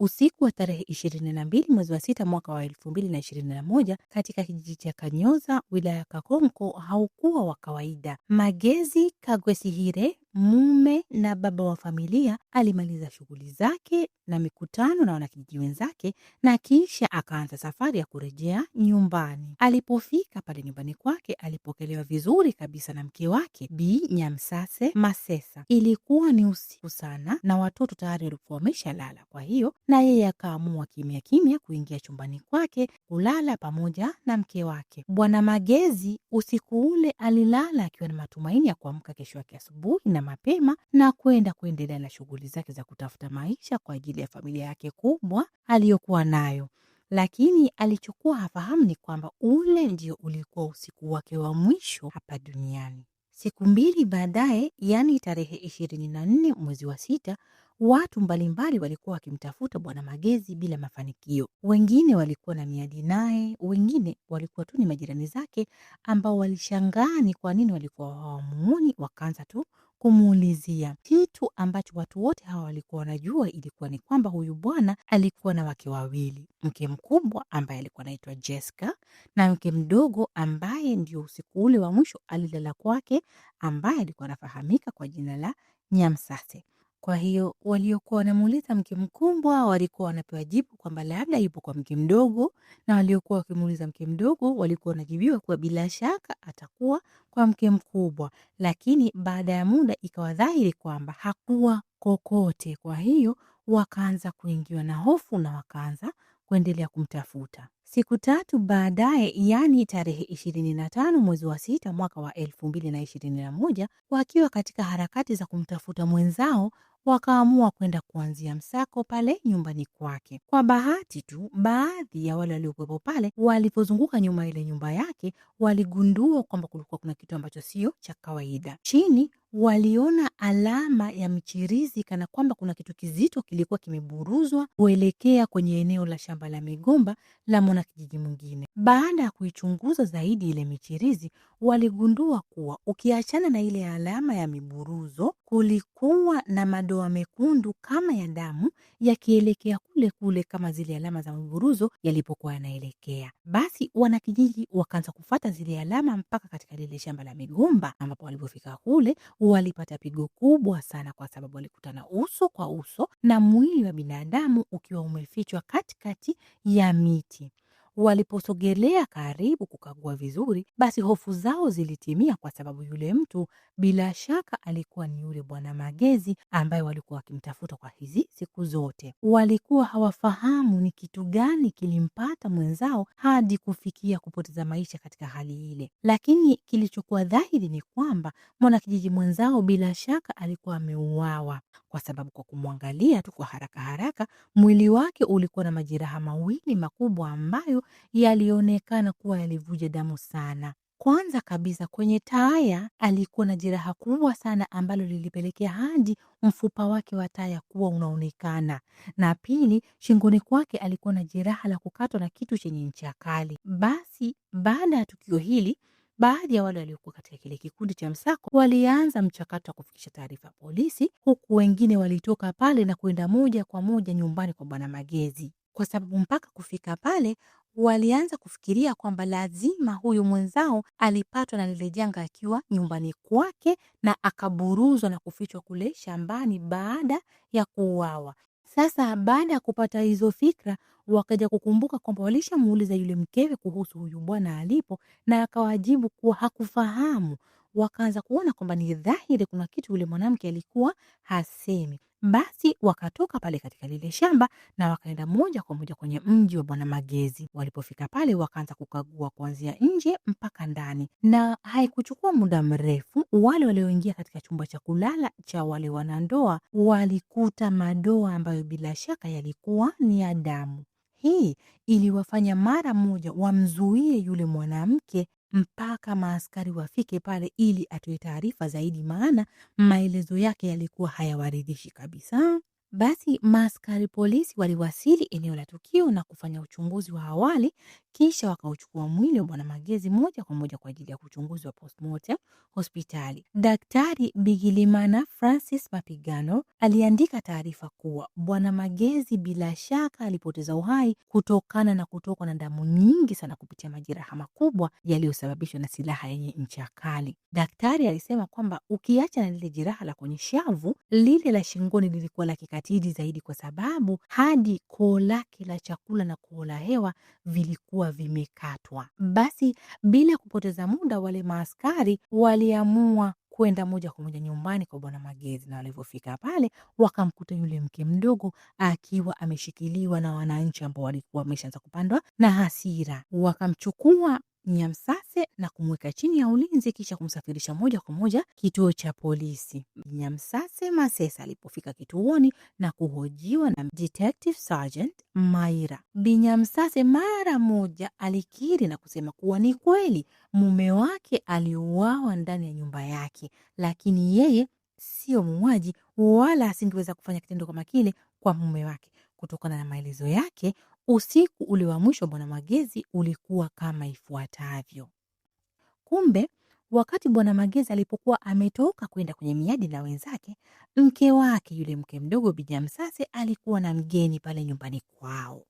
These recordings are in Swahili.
usiku wa tarehe 22 mwezi wa sita mwaka wa 2021 katika kijiji cha Kanyoza wilaya ya Kakonko haukuwa wa kawaida. Magezi Kagwesihire mume na baba wa familia alimaliza shughuli zake na mikutano na wanakijiji wenzake, na kisha akaanza safari ya kurejea nyumbani. Alipofika pale nyumbani kwake, alipokelewa vizuri kabisa na mke wake Bi Nyamsase Masesa. Ilikuwa ni usiku sana na watoto tayari walikuwa wameshalala, kwa hiyo na yeye akaamua kimya kimya kuingia chumbani kwake kulala pamoja na mke wake. Bwana Magezi usiku ule alilala akiwa na matumaini ya kuamka kesho yake asubuhi na na mapema na kwenda kuendelea na shughuli zake za kutafuta maisha kwa ajili ya familia yake kubwa aliyokuwa nayo. Lakini alichokuwa hafahamu ni kwamba ule ndio ulikuwa usiku wake wa mwisho hapa duniani. Siku mbili baadaye, yaani tarehe ishirini na nne mwezi wa sita, watu mbalimbali walikuwa wakimtafuta Bwana Magezi bila mafanikio. Wengine walikuwa na miadi naye, wengine walikuwa tu ni majirani zake ambao walishangaa ni kwa nini walikuwa hawamuoni, wakaanza tu kumuulizia kitu ambacho watu wote hawa walikuwa wanajua. Ilikuwa ni kwamba huyu bwana alikuwa na wake wawili, mke mkubwa ambaye alikuwa anaitwa Jessica na mke mdogo ambaye ndio usiku ule wa mwisho alilala kwake, ambaye alikuwa anafahamika kwa jina la Nyamsase. Kwa hiyo waliokuwa wanamuuliza mke mkubwa walikuwa wanapewa jibu kwamba labda yupo kwa mke mdogo, na waliokuwa wakimuuliza mke mdogo walikuwa wanajibiwa kuwa bila shaka atakuwa kwa mke mkubwa, lakini baada ya muda ikawa dhahiri kwamba hakuwa kokote. Kwa hiyo wakaanza kuingiwa na hofu na wakaanza kuendelea kumtafuta. Siku tatu baadaye, yaani tarehe ishirini na tano mwezi wa sita mwaka wa elfu mbili na ishirini na moja wakiwa katika harakati za kumtafuta mwenzao wakaamua kwenda kuanzia msako pale nyumbani kwake. Kwa bahati tu, baadhi ya wale waliokuwepo pale walipozunguka nyuma ile nyumba yake waligundua kwamba kulikuwa kuna kitu ambacho sio cha kawaida. Chini waliona alama ya mchirizi kana kwamba kuna kitu kizito kilikuwa kimeburuzwa kuelekea kwenye eneo la shamba la migomba la mwanakijiji mwingine. Baada ya kuichunguza zaidi ile michirizi, waligundua kuwa ukiachana na ile alama ya miburuzo, kulikuwa na madoa mekundu kama ya damu yakielekea kule kule kama zile alama za miburuzo yalipokuwa yanaelekea. Basi wanakijiji wakaanza kufata zile alama mpaka katika lile shamba la migomba, ambapo walipofika kule walipata pigo kubwa sana, kwa sababu walikutana uso kwa uso na mwili wa binadamu ukiwa umefichwa katikati ya miti. Waliposogelea karibu kukagua vizuri, basi hofu zao zilitimia, kwa sababu yule mtu bila shaka alikuwa ni yule Bwana Magezi ambaye walikuwa wakimtafuta kwa hizi siku zote. Walikuwa hawafahamu ni kitu gani kilimpata mwenzao hadi kufikia kupoteza maisha katika hali ile, lakini kilichokuwa dhahiri ni kwamba mwanakijiji mwenzao bila shaka alikuwa ameuawa, kwa sababu kwa kumwangalia tu kwa haraka haraka, mwili wake ulikuwa na majeraha mawili makubwa ambayo yalionekana kuwa yalivuja damu sana. Kwanza kabisa kwenye taya alikuwa na jeraha kubwa sana ambalo lilipelekea hadi mfupa wake wa taya kuwa unaonekana, na pili, shingoni kwake alikuwa na jeraha la kukatwa na kitu chenye ncha kali. Basi baada ya tukio hili, baadhi ya wale waliokuwa katika kile kikundi cha msako walianza mchakato wa kufikisha taarifa polisi, huku wengine walitoka pale na kuenda moja kwa moja nyumbani kwa Bwana Magezi kwa sababu mpaka kufika pale walianza kufikiria kwamba lazima huyu mwenzao alipatwa na lile janga akiwa nyumbani kwake na akaburuzwa na kufichwa kule shambani baada ya kuuawa. Sasa baada ya kupata hizo fikra, wakaja kukumbuka kwamba walishamuuliza yule mkewe kuhusu huyu bwana alipo, na akawajibu kuwa hakufahamu wakaanza kuona kwamba ni dhahiri kuna kitu yule mwanamke alikuwa hasemi. Basi wakatoka pale katika lile shamba na wakaenda moja kwa moja kwenye mji wa Bwana Magezi. Walipofika pale, wakaanza kukagua kuanzia nje mpaka ndani, na haikuchukua muda mrefu, wale walioingia katika chumba cha kulala cha wale wanandoa walikuta madoa ambayo bila shaka yalikuwa ni ya damu. Hii iliwafanya mara moja wamzuie yule mwanamke mpaka maaskari wafike pale ili atoe taarifa zaidi, maana maelezo yake yalikuwa hayawaridhishi kabisa. Basi maaskari polisi waliwasili eneo la tukio na kufanya uchunguzi wa awali, kisha wakauchukua mwili wa Bwana Magezi moja kwa moja kwa ajili ya uchunguzi wa postmortem hospitali. Daktari Bigilimana Francis Mapigano aliandika taarifa kuwa Bwana Magezi bila shaka alipoteza uhai kutokana na kutokwa na damu nyingi sana kupitia majeraha makubwa yaliyosababishwa na silaha yenye ncha kali. Daktari alisema kwamba ukiacha na lile jeraha la kwenye shavu, lile la shingoni lilikuwa la kikatili zaidi, kwa sababu hadi koo lake la chakula na koo la hewa vilikuwa vimekatwa. Basi bila kupoteza muda, wale maaskari waliamua kwenda moja kwa moja nyumbani kwa Bwana Magezi, na walivyofika pale wakamkuta yule mke mdogo akiwa ameshikiliwa na wananchi ambao walikuwa wameshaanza kupandwa na hasira, wakamchukua Nyamsase na kumweka chini ya ulinzi kisha kumsafirisha moja kwa moja kituo cha polisi. Nyamsase Masesa alipofika kituoni na kuhojiwa na Detective Sergeant Maira, binyamsase mara moja alikiri na kusema kuwa ni kweli mume wake aliuawa ndani ya nyumba yake, lakini yeye sio muuaji wala asingeweza kufanya kitendo kama kile kwa mume wake. Kutokana na maelezo yake, Usiku ule wa mwisho Bwana Magezi ulikuwa kama ifuatavyo. Kumbe wakati Bwana Magezi alipokuwa ametoka kwenda kwenye miadi na wenzake, mke wake yule mke mdogo Binya Msase alikuwa na mgeni pale nyumbani kwao.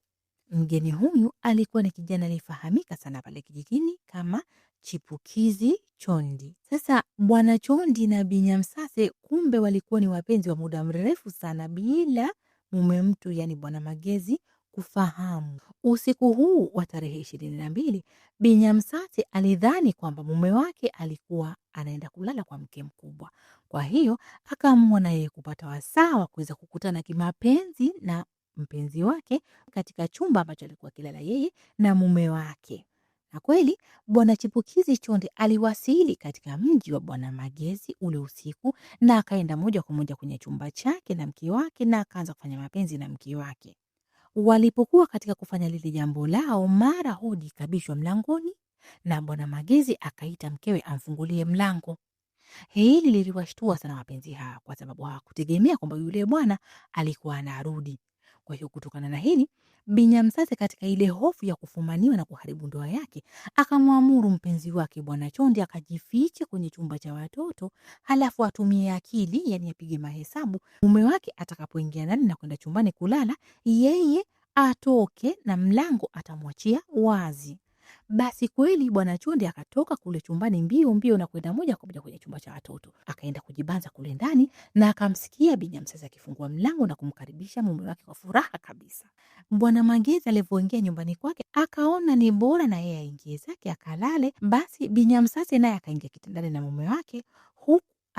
Mgeni huyu alikuwa ni kijana aliyefahamika sana pale kijijini kama Chipukizi Chondi. Sasa Bwana Chondi na Binya Msase kumbe walikuwa ni wapenzi wa muda mrefu sana, bila mume mtu, yani Bwana Magezi kufahamu. Usiku huu wa tarehe ishirini na mbili Binyamsati alidhani kwamba mume wake alikuwa anaenda kulala kwa mke mkubwa, kwa hiyo akaamua na yeye kupata wasaa wa kuweza kukutana kimapenzi na mpenzi wake katika chumba ambacho alikuwa akilala yeye na mume wake. Na kweli Bwana Chipukizi Chonde aliwasili katika mji wa Bwana Magezi ule usiku, na akaenda moja kwa moja kwenye chumba chake na mke wake, na akaanza kufanya mapenzi na mke wake. Walipokuwa katika kufanya lile jambo lao, mara hodi ikabishwa mlangoni na Bwana Magezi akaita mkewe amfungulie mlango. Hili liliwashtua sana wapenzi hawa, kwa sababu hawakutegemea kwamba yule bwana alikuwa anarudi, kwa hiyo kutokana na hili, Binyamsase katika ile hofu ya kufumaniwa na kuharibu ndoa yake, akamwamuru mpenzi wake Bwana Chonde akajifiche kwenye chumba cha watoto, halafu atumie akili, yani apige mahesabu. Mume wake atakapoingia ndani na kwenda chumbani kulala, yeye atoke na mlango atamwachia wazi. Basi kweli bwana Chonde akatoka kule chumbani mbio mbio na kwenda moja kwa moja kwenye chumba cha watoto, akaenda kujibanza kule ndani na akamsikia Binyamsasa akifungua mlango na kumkaribisha mume wake kwa furaha kabisa. Bwana Magezi alivyoingia nyumbani kwake akaona ni bora na yeye aingie zake akalale. Basi Binyamsasa naye akaingia kitandani na mume wake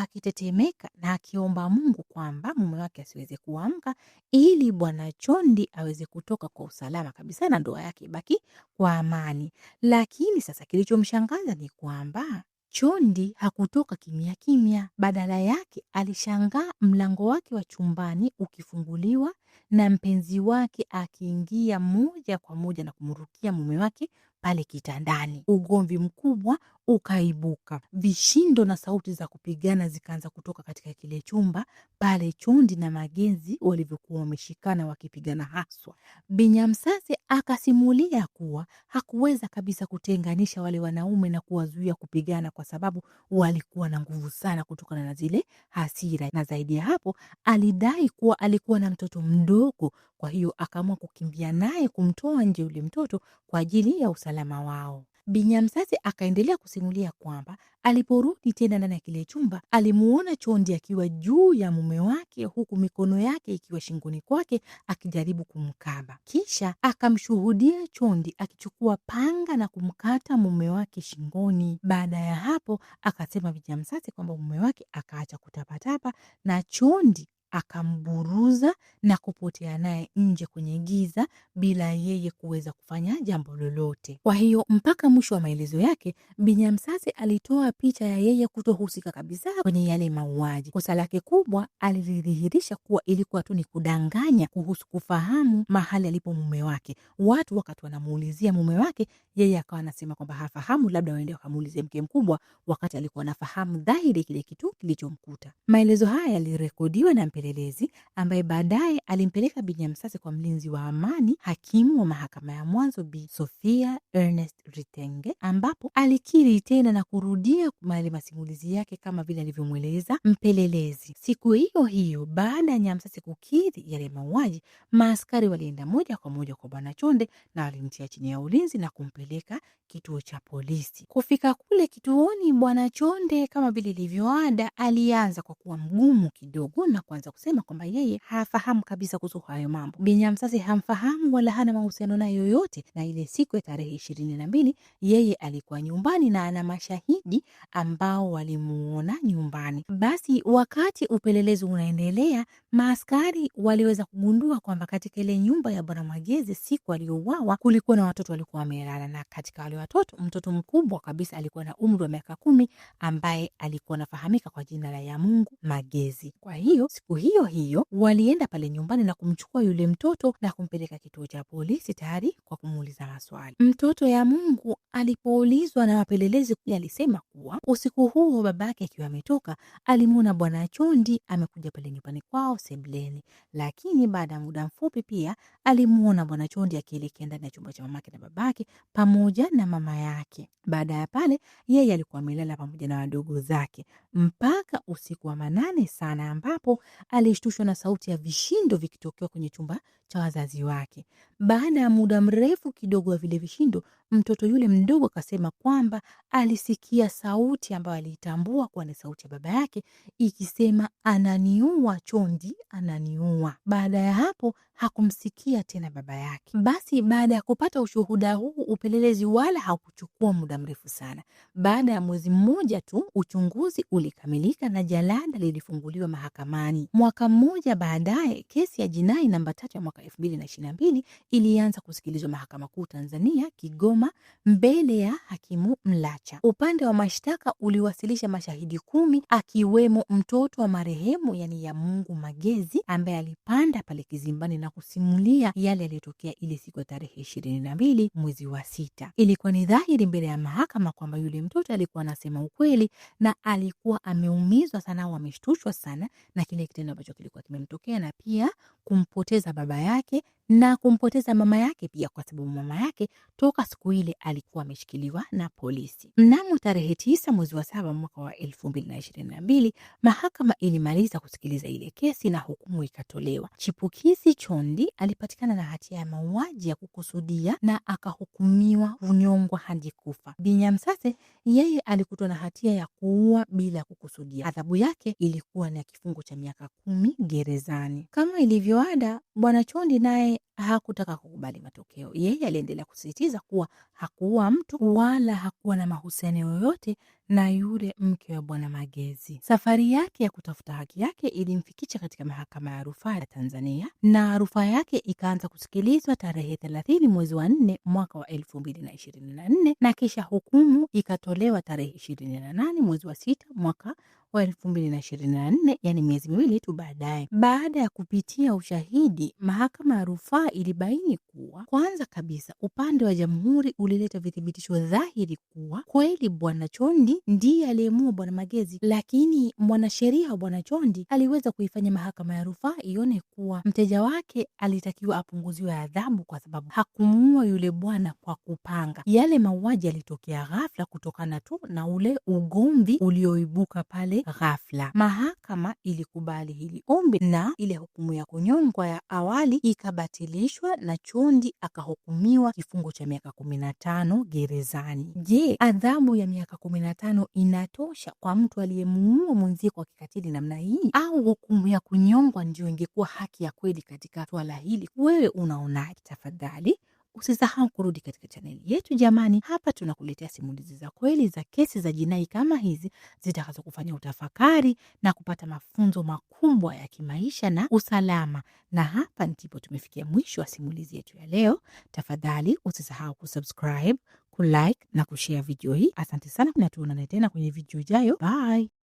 akitetemeka na akiomba Mungu kwamba mume wake asiweze kuamka ili Bwana Chondi aweze kutoka kwa usalama kabisa na ndoa yake ibaki kwa amani. Lakini sasa kilichomshangaza ni kwamba Chondi hakutoka kimya kimya, badala yake alishangaa mlango wake wa chumbani ukifunguliwa na mpenzi wake akiingia moja kwa moja na kumrukia mume wake pale kitandani. Ugomvi mkubwa ukaibuka. Vishindo na sauti za kupigana zikaanza kutoka katika kile chumba pale Chondi na Magenzi walivyokuwa wameshikana wakipigana haswa. Binyamsase akasimulia kuwa hakuweza kabisa kutenganisha wale wanaume na kuwazuia kupigana kwa sababu walikuwa na nguvu sana kutokana na zile hasira, na zaidi ya hapo alidai kuwa alikuwa na mtoto mdogo, kwa hiyo akaamua kukimbia naye kumtoa nje yule mtoto kwa ajili ya usalama wao. Binyamsasi akaendelea kusimulia kwamba aliporudi tena ndani ya kile chumba alimuona Chondi akiwa juu ya mume wake, huku mikono yake ikiwa shingoni kwake akijaribu kumkaba. Kisha akamshuhudia Chondi akichukua panga na kumkata mume wake shingoni. Baada ya hapo, akasema Binyamsasi kwamba mume wake akaacha kutapatapa na Chondi akamburuza na kupotea naye nje kwenye giza bila yeye kuweza kufanya jambo lolote. Kwa hiyo mpaka mwisho wa maelezo yake, Binyamsase alitoa picha ya yeye kutohusika kabisa kwenye yale mauaji. Kosa lake kubwa alilidhihirisha kuwa ilikuwa tu ni kudanganya kuhusu kufahamu mahali alipo mume wake. Watu wakati wanamuulizia mume wake, yeye akawa anasema kwamba hafahamu, labda waende wakamuulizie mke mkubwa, wakati alikuwa anafahamu dhahiri kile kitu kilichomkuta. Maelezo haya yalirekodiwa na upelelezi ambaye baadaye alimpeleka Binya Msase kwa mlinzi wa amani, hakimu wa mahakama ya mwanzo Bi Sofia Ernest Ritenge, ambapo alikiri tena na kurudia mali masimulizi yake kama vile alivyomweleza mpelelezi. Siku hiyo hiyo, baada ya Nyamsase kukiri yale mauaji, maaskari walienda moja kwa moja kwa Bwana Chonde na walimtia chini ya ulinzi na kumpeleka kituo cha polisi. Kufika kule kituoni, Bwana Chonde kama vile ilivyoada, alianza kwa kuwa mgumu kidogo na kuanza anaweza kusema kwamba yeye hafahamu kabisa kuhusu hayo mambo. Binya mzazi hamfahamu wala hana mahusiano naye yoyote, na ile siku ya tarehe ishirini na mbili yeye alikuwa nyumbani na ana mashahidi ambao walimuona nyumbani. Basi wakati upelelezi unaendelea, maaskari waliweza kugundua kwamba katika ile nyumba ya Bwana Mwagezi siku aliyouawa kulikuwa na watoto walikuwa wamelala, na katika wale watoto mtoto mkubwa kabisa alikuwa na umri wa miaka kumi ambaye alikuwa anafahamika kwa jina la Yamungu Magezi. Kwa hiyo siku hiyo hiyo walienda pale nyumbani na kumchukua yule mtoto na kumpeleka kituo cha polisi tayari kwa kumuuliza maswali. Mtoto ya Mungu alipoulizwa na wapelelezi alisema kuwa usiku huo babake akiwa ametoka alimwona Bwana Chondi amekuja pale nyumbani kwao sebuleni, lakini baada ya muda mfupi pia alimwona Bwana Chondi akielekea ndani ya chumba cha mamake na babake pamoja na mama yake. Baada ya pale, yeye alikuwa amelala pamoja na wadogo zake mpaka usiku wa manane sana ambapo alishtushwa na sauti ya vishindo vikitokewa kwenye chumba cha wazazi wake. Baada ya muda mrefu kidogo wa vile vishindo, mtoto yule mdogo akasema kwamba alisikia sauti ambayo aliitambua kuwa ni sauti ya baba yake ikisema, ananiua Chondi, ananiua. Baada ya hapo hakumsikia tena baba yake. Basi baada ya kupata ushuhuda huu, upelelezi wala haukuchukua muda mrefu sana. Baada ya mwezi mmoja tu uchunguzi ulikamilika na jalada lilifunguliwa mahakamani. Mwaka mmoja baadaye, kesi ya jinai namba tatu ya mwaka elfu mbili na ishirini na mbili ilianza kusikilizwa Mahakama Kuu Tanzania, Kigoma Dodoma mbele ya hakimu Mlacha. Upande wa mashtaka uliwasilisha mashahidi kumi akiwemo mtoto wa marehemu yani ya Mungu Magezi ambaye alipanda pale kizimbani na kusimulia yale yaliyotokea ile siku ya tarehe ishirini na mbili mwezi wa sita. Ilikuwa ni dhahiri mbele ya mahakama kwamba yule mtoto alikuwa anasema ukweli na alikuwa ameumizwa sana au ameshtushwa sana na kile kitendo ambacho kilikuwa kimemtokea na pia kumpoteza baba yake na kumpoteza mama yake pia, kwa sababu mama yake toka siku ile alikuwa ameshikiliwa na polisi. Mnamo tarehe tisa mwezi wa saba mwaka wa elfu mbili na ishirini na mbili mahakama ilimaliza kusikiliza ile kesi na hukumu ikatolewa. Chipukizi Chondi alipatikana na hatia ya mauaji ya kukusudia na akahukumiwa unyongwa hadi kufa. Binyamsase yeye alikutwa na hatia ya kuua bila kukusudia. Adhabu yake ilikuwa na kifungo cha miaka kumi gerezani. Kama ilivyoada, bwana Chondi naye hakutaka kukubali matokeo. Yeye aliendelea kusisitiza kuwa hakuwa mtu wala hakuwa na mahusiano yoyote na yule mke wa bwana Magezi. Safari yake ya kutafuta haki yake ilimfikisha katika mahakama ya rufaa ya Tanzania, na rufaa yake ikaanza kusikilizwa tarehe thelathini mwezi wa nne mwaka wa elfu mbili na ishirini na na nne kisha hukumu ikatolewa tarehe ishirini na nane mwezi wa sita mwaka wa elfu mbili na ishirini na nne yani miezi miwili tu baadaye. Baada ya kupitia ushahidi, mahakama ya rufaa ilibaini kuwa kwanza kabisa upande wa jamhuri ulileta vithibitisho dhahiri kuwa kweli Bwana Chondi ndiye aliyemua Bwana Magezi, lakini mwanasheria wa Bwana Chondi aliweza kuifanya mahakama ya rufaa ione kuwa mteja wake alitakiwa apunguziwe adhabu kwa sababu hakumuua yule bwana kwa kupanga. Yale mauaji yalitokea ghafla kutokana tu na ule ugomvi ulioibuka pale ghafla. Mahakama ilikubali hili ombi na ile hukumu ya kunyongwa ya awali ikabatilishwa na Chondi akahukumiwa kifungo cha miaka kumi na tano gerezani. Je, adhabu ya miaka kumi na tano inatosha kwa mtu aliyemuua mwenzie kwa kikatili namna hii, au hukumu ya kunyongwa ndiyo ingekuwa haki ya kweli katika swala hili? Wewe unaonaje? Tafadhali Usisahau kurudi katika chaneli yetu jamani. Hapa tunakuletea simulizi za kweli za kesi za jinai kama hizi zitakazokufanya utafakari na kupata mafunzo makubwa ya kimaisha na usalama. Na hapa ndipo tumefikia mwisho wa simulizi yetu ya leo. Tafadhali usisahau kusubscribe, kulike na kushare video hii. Asante sana na tuonane tena kwenye video ijayo. Bye.